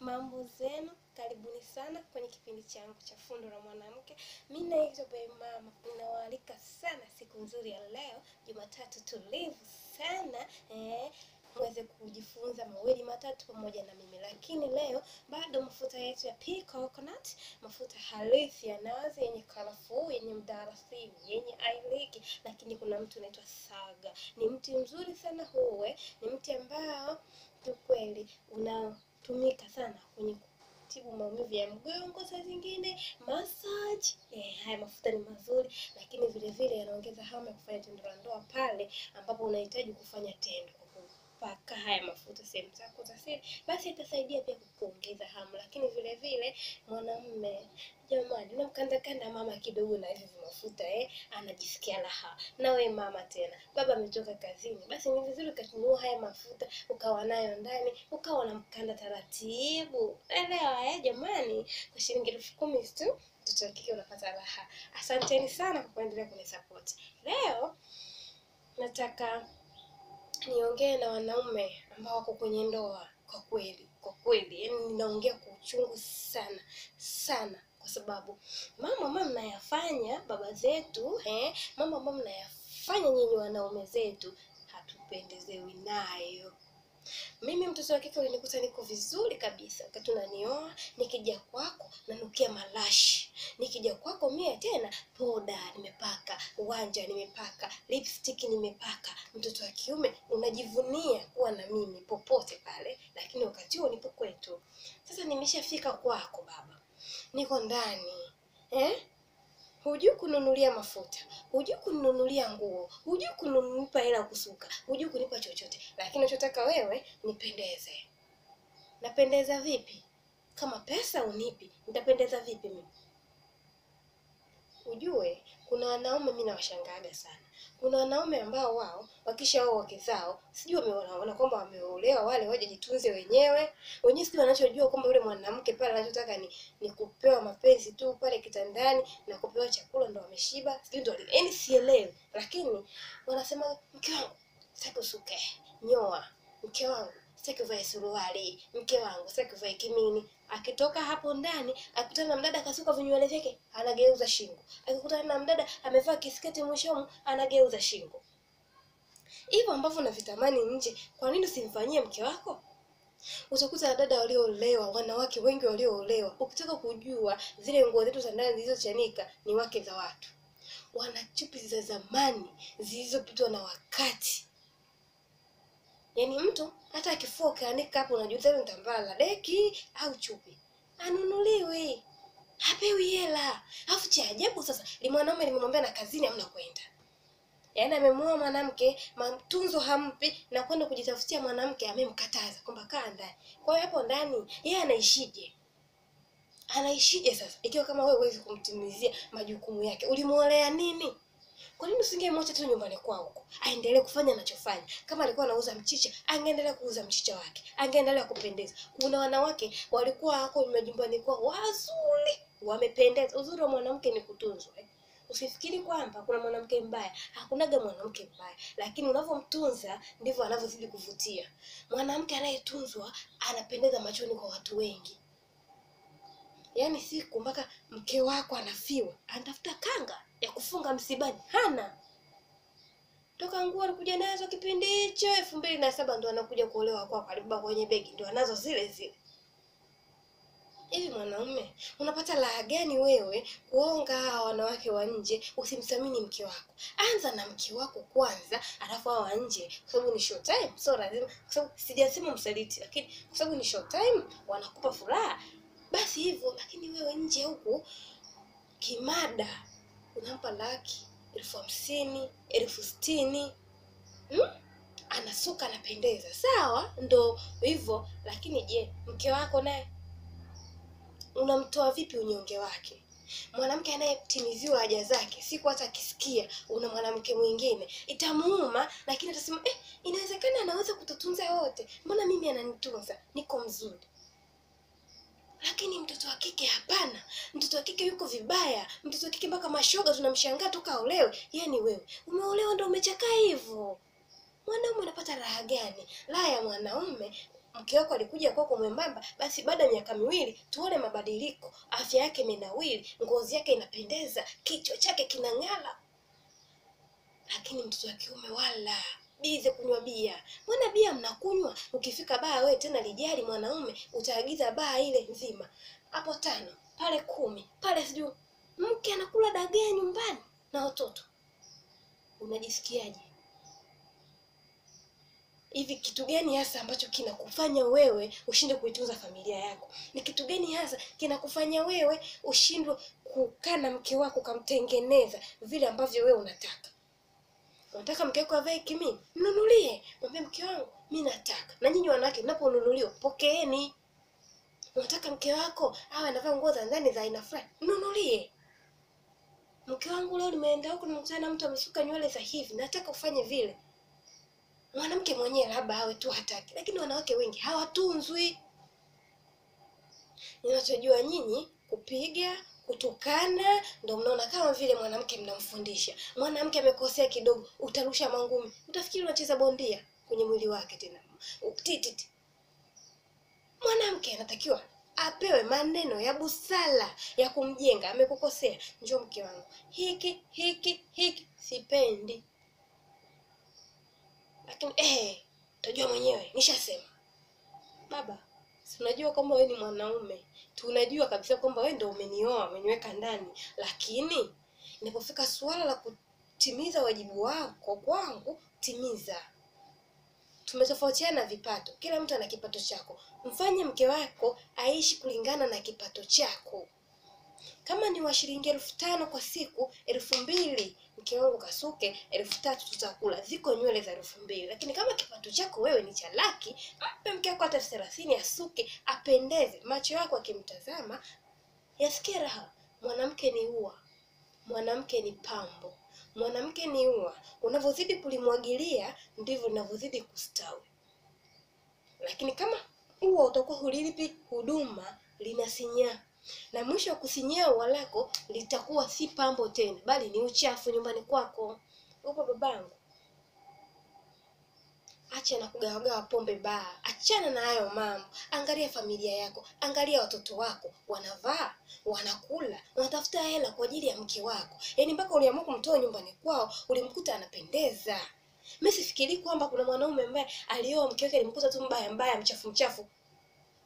Mambo zenu, karibuni sana kwenye kipindi changu cha Fundo la Mwanamke. Mimi naitwa Bey Mama, ninawaalika sana siku nzuri ya leo, Jumatatu tulivu sana eh, mweze kujifunza mawili matatu pamoja na mimi. Lakini leo bado mafuta yetu ya pea coconut, mafuta halisi ya nazi yenye karafuu, yenye mdalasini, yenye iliki, lakini kuna mtu unaitwa saga. Ni mti mzuri sana huwe, eh. ni mti ambao kiukweli una hutumika sana kwenye kutibu maumivu ya mgongo, saa zingine massage. Eh, haya mafuta ni mazuri, lakini vile vile yanaongeza hamu ya kufanya tendo la ndoa pale ambapo unahitaji kufanya tendo kupaka haya mafuta sehemu zako za siri, basi itasaidia pia kukuongeza vile mwanamume jamani, namkandakanda mama kidogo na hivi mafuta eh, anajisikia raha. Na we mama tena, baba ametoka kazini, basi ni vizuri ukanunua haya mafuta ukawa nayo ndani, ukawa unamkanda taratibu, elewa eh jamani, kwa shilingi elfu kumi tu mtoto wa kike unapata raha. Asanteni sana kwa kuendelea kunisapoti. Leo nataka niongee na wanaume ambao wako kwenye ndoa kwa kweli kwa kweli, yani ninaongea kwa uchungu sana sana, kwa sababu mama mama mnayafanya baba zetu eh, mama mama mnayafanya nyinyi wanaume zetu, hatupendezewi nayo. Mimi mtoto wa kike ulinikuta niko vizuri kabisa, wakati unanioa nikija kwako nanukia malashi nikija kwako mie tena, poda nimepaka, wanja nimepaka, lipstick nimepaka. Mtoto wa kiume unajivunia kuwa na mimi popote pale, lakini wakati huo nipo kwetu. Sasa nimeshafika kwako baba, niko ndani eh? Hujui kununulia mafuta, hujui kununulia nguo, hujui kunipa hela kusuka, hujui kunipa chochote, lakini unachotaka wewe nipendeze. Napendeza vipi? Kama pesa unipi, nitapendeza vipi mimi? Ujue kuna wanaume mimi nawashangaga sana. Kuna wanaume ambao wao wao wake zao sijui wameona kwamba wameolewa wale jitunze wenyewe wenyewe, sijui wanachojua kwamba yule mwanamke pale anachotaka ni, ni kupewa mapenzi tu pale kitandani na kupewa chakula, ndo wameshiba, sijui ndo yaani sielewi, lakini wanasema mke wangu sitaki usuke nyoa, mke wangu sitaki uvae suruali, mke wangu sitaki uvae kimini. Akitoka hapo ndani akikutana na mdada akasuka vinywele vyake, anageuza shingo. Akikutana na mdada amevaa kisketi mwishomu, anageuza shingo. Hivyo ambavyo vitamani nje, kwa nini usimfanyie mke wako? Utakuta dada walioolewa, wanawake wengi walioolewa, ukitaka kujua zile nguo zetu za ndani zilizochanika ni wake za watu, wana chupi za zamani zilizopitwa na wakati. Yaani mtu hata akifua ukaandika hapo, unajiuliza ni la deki au chupi, anunuliwi, hapewi hela. Alafu cha ajabu sasa ni mwanaume limemwambia na kazini hamna kwenda, yaani amemua mwanamke, matunzo hampi na kwenda kujitafutia mwanamke, amemkataza kwamba kaa ndani. Kwa hiyo hapo ndani yeye anaishije? Anaishije sasa ikiwa kama wewe huwezi kumtimizia majukumu yake? Ulimwolea nini? Kwa nini usingemwacha tu nyumbani kwao huko? Aendelee kufanya anachofanya. Kama alikuwa anauza mchicha, angeendelea kuuza mchicha wake. Angeendelea kupendeza. Kuna wanawake walikuwa hako majumbani kwao wazuri, wamependeza. Uzuri wa mwanamke ni kutunzwa. Eh? Usifikiri kwamba kuna mwanamke mbaya. Hakunaga mwanamke mbaya, lakini unavyomtunza ndivyo anavyozidi kuvutia. Mwanamke anayetunzwa anapendeza machoni kwa watu wengi yaani siku mpaka mke wako anafiwa anatafuta kanga ya kufunga msibani hana toka nguo alikuja nazo kipindi hicho elfu mbili na saba ndo anakuja kuolewa kwako alibeba kwenye begi ndo anazo zile zile hivi mwanaume unapata raha gani wewe kuonga hawa wanawake wa nje usimthamini mke wako anza na mke wako kwanza alafu hawa wa nje kwa sababu ni short time sio lazima kwa sababu sijasema msaliti lakini kwa sababu ni short time wanakupa furaha basi hivyo. Lakini wewe nje huku kimada unampa laki elfu hamsini elfu sitini hmm? Anasuka, anapendeza, sawa, ndo hivyo. Lakini je, mke wako naye unamtoa vipi unyonge wake? Mwanamke anayetimiziwa haja zake siku hata akisikia una mwanamke mwingine itamuuma, lakini atasema eh, inawezekana anaweza kututunza wote, mbona mimi ananitunza, niko mzuri lakini mtoto wa kike hapana. Mtoto wa kike yuko vibaya. Mtoto wa kike mpaka mashoga tunamshangaa toka aolewe, yeye ni wewe. Umeolewa ndio umechakaa hivyo? Mwanaume anapata raha gani? Raha ya mwanaume mke wako alikuja kwako mwembamba, basi baada ya miaka miwili tuone mabadiliko. Afya yake imenawili, ngozi yake inapendeza, kichwa chake kinang'ala. Lakini mtoto wa kiume wala bize kunywa bia. Mbona bia mnakunywa? Ukifika baa we tena lijali mwanaume, utaagiza baa ile nzima, hapo tano pale kumi pale sijui. Mke anakula dagaa nyumbani na watoto, unajisikiaje? Hivi kitu gani hasa ambacho kinakufanya wewe ushindwe kuitunza familia yako? Ni kitu gani hasa kinakufanya wewe ushindwe kukaa na mke wako ukamtengeneza vile ambavyo wewe unataka? unataka mke wako avae kimi, mnunulie. Mwambie mke wangu, mi nataka. Na nyinyi wanawake, mnaponunuliwa pokeeni. Unataka mke wako awe anavaa nguo za ndani za aina fulani, mnunulie. Mke wangu, leo nimeenda huko, nimekutana na mtu amesuka nywele za hivi, nataka ufanye vile. Mwanamke mwenyewe labda awe tu hataki, lakini wanawake wengi hawatunzwi. Ninachojua nyinyi kupiga kutukana, ndio mnaona kama vile mwanamke mnamfundisha. Mwanamke amekosea kidogo, utarusha mangumi, utafikiri unacheza bondia kwenye mwili wake. Tena tititi, mwanamke anatakiwa apewe maneno ya busara ya kumjenga. Amekukosea, njoo mke wangu, hiki hiki hiki sipendi, lakini eh, utajua mwenyewe, nishasema. Baba, si unajua kwamba wewe ni mwanaume tunajua kabisa kwamba wewe ndio umenioa umeniweka ndani, lakini inapofika suala la kutimiza wajibu wako kwangu, timiza. Tumetofautiana vipato, kila mtu ana kipato chako. Mfanye mke wako aishi kulingana na kipato chako kama ni wa shilingi elfu tano kwa siku, elfu mbili mke kasuke, elfu tatu tutakula. Ziko nywele za elfu mbili lakini kama kipato chako wewe ni cha laki, mpe mke hata elfu thelathini asuke, apendeze, macho yako akimtazama yasikie raha. Mwanamke ni ua, mwanamke ni pambo, mwanamke ni ua. Unavyozidi kulimwagilia ndivyo linavyozidi kustawi, lakini kama ua utakuwa hulilipi huduma linasinyaa na mwisho wa kusinyaa ua lako litakuwa si pambo tena, bali ni uchafu nyumbani kwako. Upo babangu? Acha na kugawagawa pombe baa, achana na hayo mambo. Angalia familia yako, angalia watoto wako, wanavaa, wanakula, wanatafuta hela kwa ajili ya mke wako. Yaani mpaka uliamua kumtoa nyumbani kwao, ulimkuta anapendeza. Mimi sifikiri kwamba kuna mwanaume ambaye alioa mke wake alimkuta tu mbaya mbaya, mchafu mchafu,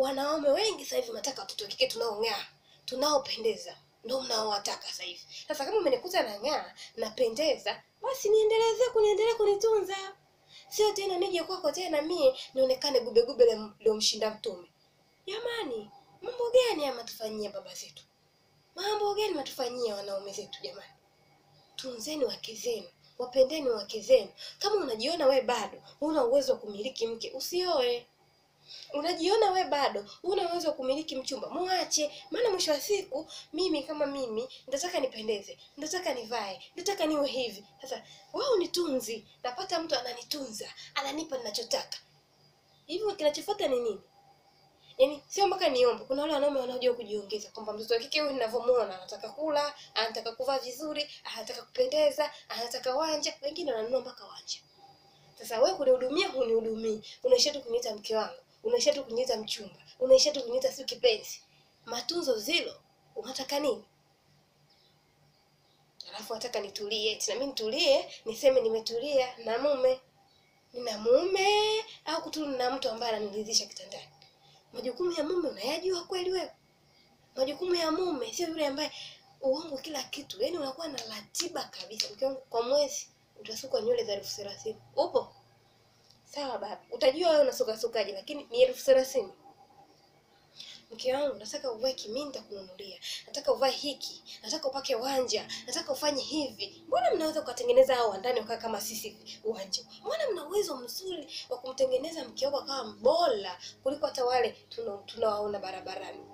wanaume wengi sasa hivi wanataka watoto kike tunaong'aa, tunaopendeza ndio mnaowataka sasa hivi. Sasa kama umenikuta na ng'aa napendeza, basi niendeleze kuniendelea kunitunza, sio tena nije kwako tena mie nionekane gubegube ndio mshinda mtume. Jamani, mambo gani amatufanyia baba zetu? Mambo gani matufanyia wanaume zetu? Jamani, tunzeni wake zenu, wapendeni wake zenu. Kama unajiona we bado huna uwezo wa kumiliki mke, usioe unajiona we bado una uwezo wa kumiliki mchumba, muache. Maana mwisho wa siku, mimi kama mimi nitataka nipendeze, nitataka nivae, nitataka niwe hivi. Sasa wewe unitunzi, napata mtu ananitunza, ananipa ninachotaka. hivi kinachofuata ni nini? Yaani sio mpaka niombe. Kuna wale wanaume wanaojua kujiongeza kwamba mtoto wa kike huyu ninavyomuona anataka kula, anataka kuvaa vizuri, anataka kupendeza, anataka wanja, wengine wananunua mpaka wanja. Sasa wewe kunihudumia, hunihudumii. Unaishia tu kuniita mke wangu unaisha tu unashatukunyita mchumba, unaisha tu unashatukunyita si kipenzi, matunzo zilo, unataka nini? Alafu nataka nitulie eti na mimi nitulie, niseme nimetulia na mume, nina mume au kutu na mtu ambaye ananiridhisha kitandani. Majukumu ya mume unayajua kweli wewe? Majukumu ya mume sio yule ambaye uongo kila kitu, yaani unakuwa na ratiba kabisa. Mke wangu kwa mwezi utasukwa nywele za elfu thelathini upo sawa baba, utajua wewe unasukasukaje, lakini ni elfu thelathini mke wangu, nataka uvae kiminta kununulia Nataka uvae hiki, nataka upake wanja, nataka ufanye hivi. Mbona mnaweza ukatengeneza hao wandani ukaa kama sisi uwanja Mbona mna uwezo mzuri wa kumtengeneza mke wako akawa mbola kuliko hata wale tunawaona barabarani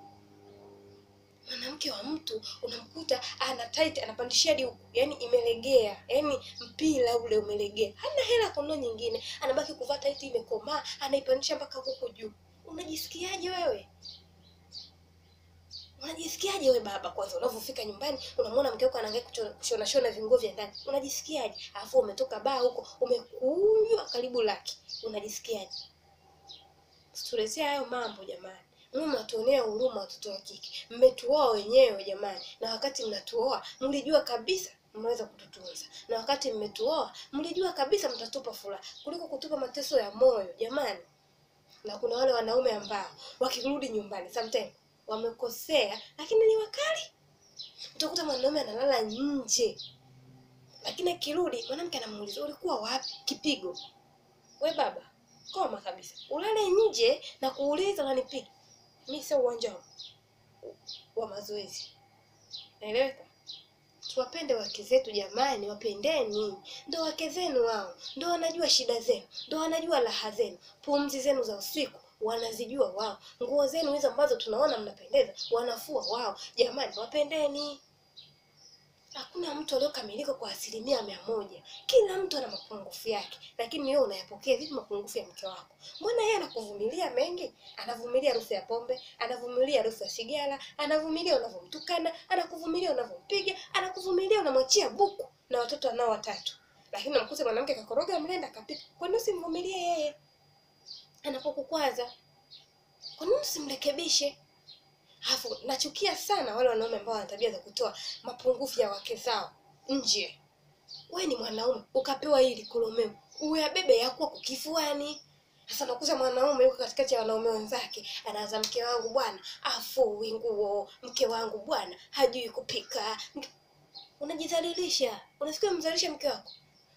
mwanamke wa mtu unamkuta ana tight anapandishia hadi huku, yani imelegea, yani mpira ule umelegea, hana hela kununua nyingine, anabaki kuvaa tight imekomaa, anaipandisha mpaka huku juu. Unajisikiaje wewe? Unajisikiaje wewe baba? Kwanza unavyofika nyumbani unamwona mke wako anaangaika kushona shona vinguo vya ndani, unajisikiaje? Alafu umetoka baa huko umekunywa karibu laki, unajisikiaje? Situletea hayo mambo jamani. Mungu natuonea huruma watoto wa kike. Mmetuoa wenyewe jamani, na wakati mnatuoa mlijua kabisa mmeweza kututunza, na wakati mmetuoa mlijua kabisa mtatupa furaha kuliko kutupa mateso ya moyo jamani. Na kuna wale wanaume ambao wakirudi nyumbani sometimes wamekosea, lakini ni wakali. Utakuta mwanaume analala nje, lakini akirudi mwanamke anamuuliza ulikuwa wapi? Kipigo we baba, koma kabisa, ulale nje na kuuliza unanipiga mi sio uwanja wa mazoezi, naeleweka? Tuwapende wake zetu jamani, wapendeni. Ndo wake zenu wao, ndo wanajua shida zenu, ndo wanajua raha zenu, pumzi zenu za usiku wanazijua wao, nguo zenu hizo ambazo tunaona mnapendeza wanafua wao. Jamani, wapendeni hakuna mtu aliyokamilika kwa asilimia mia moja. Kila mtu ana mapungufu yake, lakini wewe unayapokea vipi mapungufu ya mke wako? Mbona yeye anakuvumilia mengi? Anavumilia harufu ya pombe, anavumilia harufu ya sigara, anavumilia unavomtukana, anakuvumilia unavompiga, anakuvumilia unamwachia buku na watoto anao watatu, lakini unamkuta mwanamke kakoroga mlenda kapika. Kwa nini usimvumilie yeye anapokukwaza? Kwa nini usimrekebishe? Alafu nachukia sana wale wanaume ambao wana tabia za kutoa mapungufu ya wake zao nje. We ni mwanaume ukapewa hili kulomeo uyabebe yakuwa kifuani Sasa nakuza mwanaume yuko katikati ya wanaume wenzake, anaanza mke wangu bwana afui nguo, mke wangu bwana hajui kupika. Unajidhalilisha, unasikia mzalisha mke wako.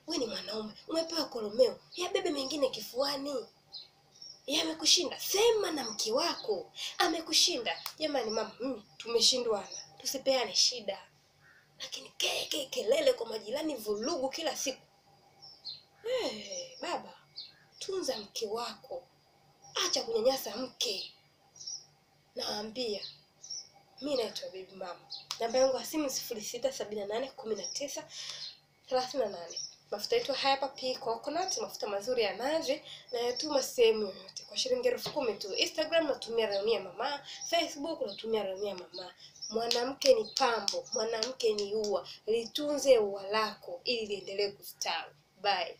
We ni mwanaume umepewa kolomeo, yabebe mengine kifuani yamekushinda sema na mke wako amekushinda jamani mama mm, tumeshindwana tusipeane shida lakini keke kelele kwa majirani vulugu kila siku hey, eh, baba tunza mke wako acha kunyanyasa mke naambia mi naitwa bibi mama namba yangu ya simu sifuri sita sabini na nane kumi na tisa thelathini na nane Mafuta yetu hapa P coconut, mafuta mazuri ya nazi na yatuma sehemu yoyote kwa shilingi elfu kumi tu. Instagram natumia Ramia Mama, Facebook natumia Ramia Mama. Mwanamke ni pambo, mwanamke ni ua. Litunze ua lako ili liendelee kustawi. Bye.